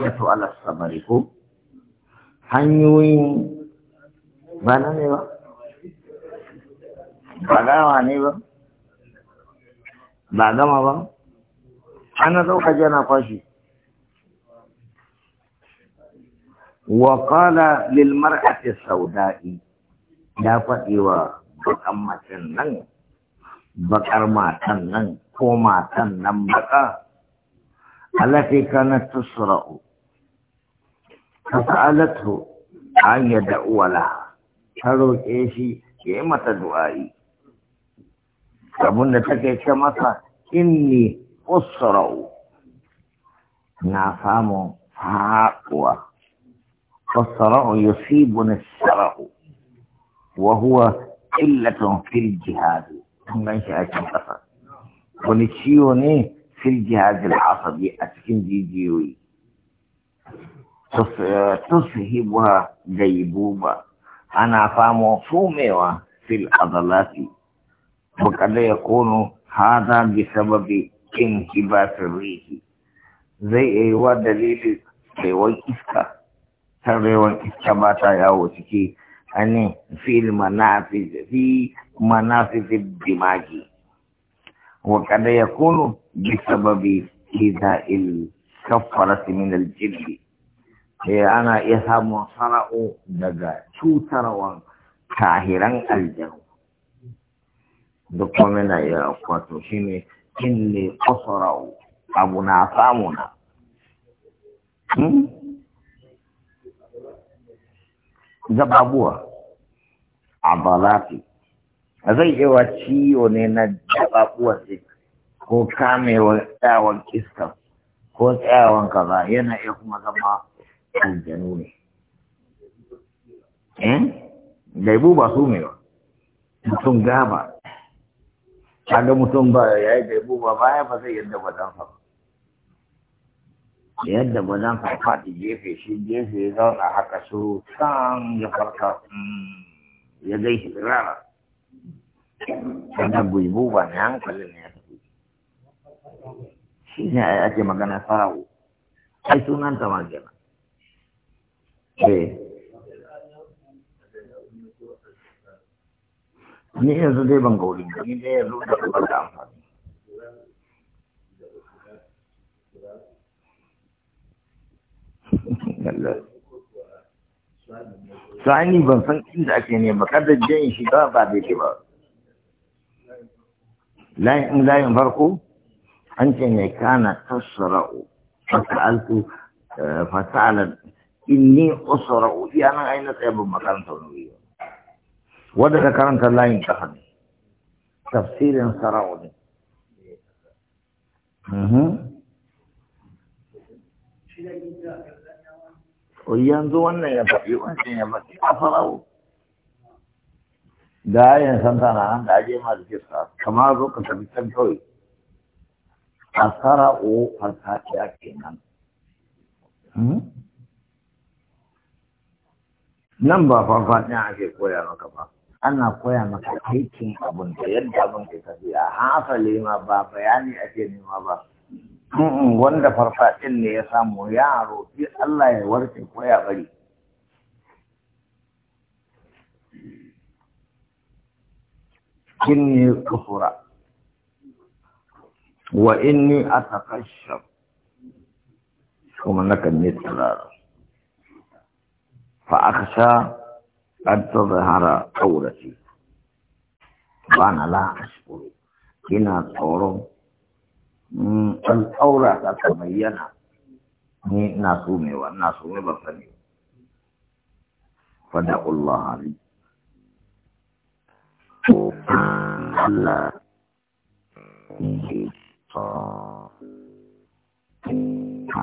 العدة على الصبر هو hanyoyin ba na ne ba ba dawa ne ba ba gama ba ana zauka jana kwashi wa qala lil mar'ati sauda'i da faɗiwa bakan matan nan bakar matan nan ko matan nan baka allati kanat tusra'u فسألته أن يدعو لها تروكي mata du'a'i abinda ta take ce masa inni usra'u na samun haƙuwa usra'u na sara'u wa huwa illatun fil jihadi kun gan shi a cikin ƙasa wani ciwo ne fil jihadi a cikin jijiyoyi tushibuha gaibuba ana famo في العضلات adalati وقد يكون هذا بسبب انهبات الريح زي ايوا دليل ريوان اسكا كان ريوان اسكا باتا ياو سكي اني في المنافذ في منافذ الدماغ وقد يكون بسبب إذا الكفرة من الجلد eh ana iya samun sana'o daga cutarwan kahiran aljanu duk kuma na iya kwato shi ne in ne kusurau abu na samu na gababuwa hmm? a balafi zai iya ciwo ne na gababuwa ko kamewa tsawon iska ko tsayawan kaza yana iya kuma zama aljanu ne eh gaibu ba su ne ba mutum gaba kaga mutum ba ya yi gaibu ba baya ba zai yadda ba dan fa yadda ba dan fa faɗi gefe shi gefe ya zauna haka su san ya farka hmm, ya gai shi rara wannan gaibu ba ne hankali ne ya tafi shi ne ake magana farawo ai sunan ta magana Eh. ni yanzu dai ban gauri ni dai yanzu da kuma da amfani sani ban san inda ake ne ba kada jan shi ba ba da ke ba layin layin farko an ce ne kana tasra'u fasa'altu eh, fasa'alan inni usra ya nan ai na tsaya ban makaranta wani wuri wanda ka karanta layin kafa ne tafsirin sarau ne mhm. yanzu wannan ya tafi wancan ya baki a farau da yayin ta na nan da aje ma da kisa kama zo ka tafi can kawai a sarau farfaɗiya kenan mhm. nan ba fanfan ɗin ake koya maka ba ana koya maka aikin abun da yadda abun ke tafiya hasali ma ba bayani ake nema ba wanda farfaɗin ne ya samu ya roƙi Allah ya warke koya bari inni kufura wa inni atakashshaf kuma nakan yi tsirara فأخشى أن تظهر عورتي وأنا لا أشكر هنا طور الحورة تتبين ناسومي والناسومي بفني فدعوا الله لي الله Thank you.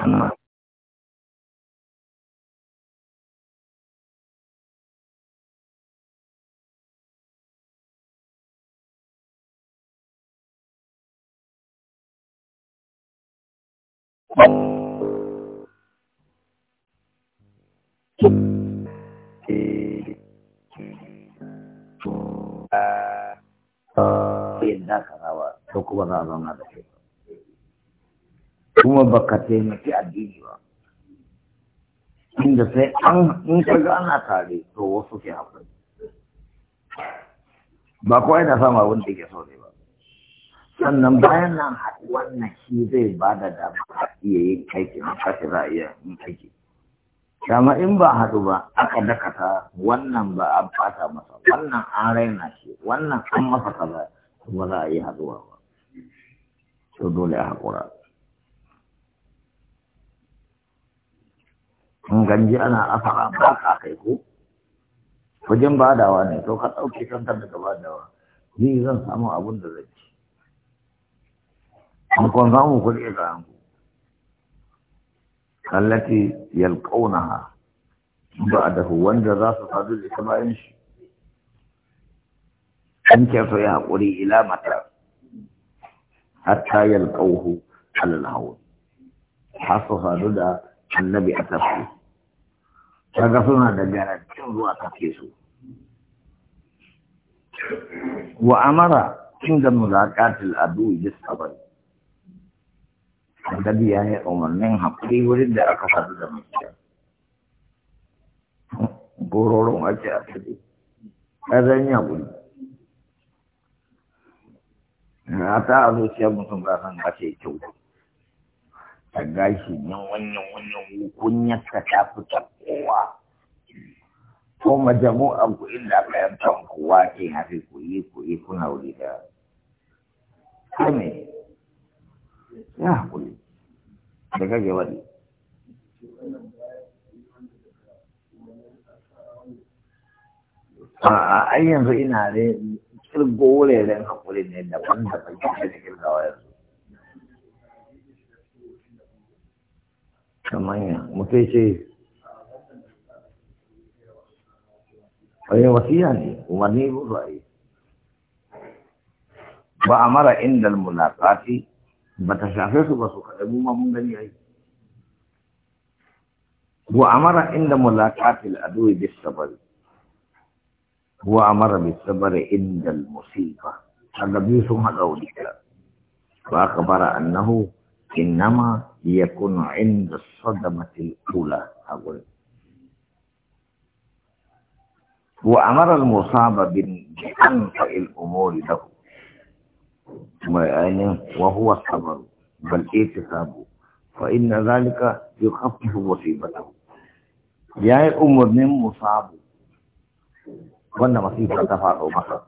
ᱦᱩᱸ yin da kanawa ko kuma na zama da shi kuma ba ka taimaki addini ba inda sai an in ka ana tare to wasu ke haƙuri ba kawai na sama abin da ke so ne ba sannan bayan nan wannan shi zai ba da dama a iya yin kaiki na kashe za a iya yin kaiki. dama in ba haɗu ba aka dakata wannan ba a bata masa wannan an raina shi wannan an masa kaza kuma za a yi haɗuwa ba to dole a haƙura in ana asara ba ka kai ko wajen badawa ne to ka ɗauke kanka daga badawa ni zan samu abun da zai ci an kwan samu kuɗi ga hanku allati yalqawnaha ba'dahu wanda za su sadu da ita bayan shi an ke so ya haƙuri ila mata hatta yalqawhu alal hawl har su sadu da annabi a tafi kaga suna da garantin zuwa kafe su wa amara da mulaƙatul adu bis sabr annabi ya yi umarnin haƙuri wurin da aka sadu da mutum gororon ake a tsiri ƙazan ya wuri na ta a zuciyar mutum ba san ake kyau ta gashi na wannan wannan kunyar ka ta fita kowa ko majamu'an ku inda aka yanta ku wace hafi ku yi ku yi kuna wuri da kame ya hakuri da kake wani a ai yanzu ina ne kirgo wuraren hakuri ne daban da bakin da kirgawa yanzu kamar ya mutai ce wani wasiya ne umarni burai ba a mara inda munafati ba ta shafe su ba su kaɗa mu ma mun gani yi, wa amara inda mulaqati al-adu bisa sabr wa amara bis sabr inda al-musiba kaga biyu sun haɗa ba ka akbara annahu إنما يكون عند الصدمة الأولى أقول وأمر المصاب بأنفع الأمور له وهو الصبر والاعتصاب فإن ذلك يخفف مصيبته يا أمر من مصاب وأن مصيبة تفاعل مصر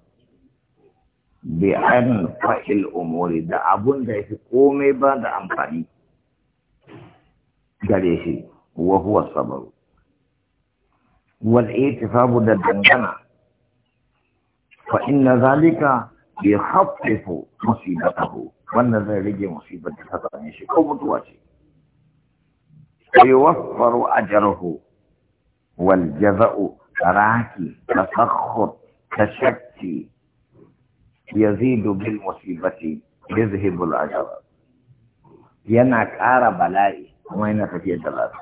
bi an fa'il umuri da abun da yake komai ba da amfani gare shi wa huwa sabaru wal itifabu da dangana fa inna zalika yukhaffifu musibatahu wannan zai rage musibar da ta same shi ko mutuwa ce yuwaffaru ajruhu wal jaza'u raki, tasakhkhur tashakki يزيد بالمصيبة يذهب العجب ينعك كار بلائي وين تفيد الأجر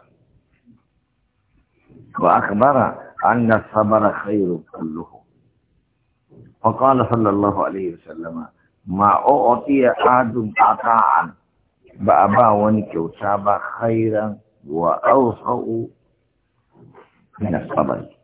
وأخبر أن الصبر خير كله فقال صلى الله عليه وسلم ما أعطي أحد عطاء بأبا ونكوتاب خيرا وأوصأ من الصبر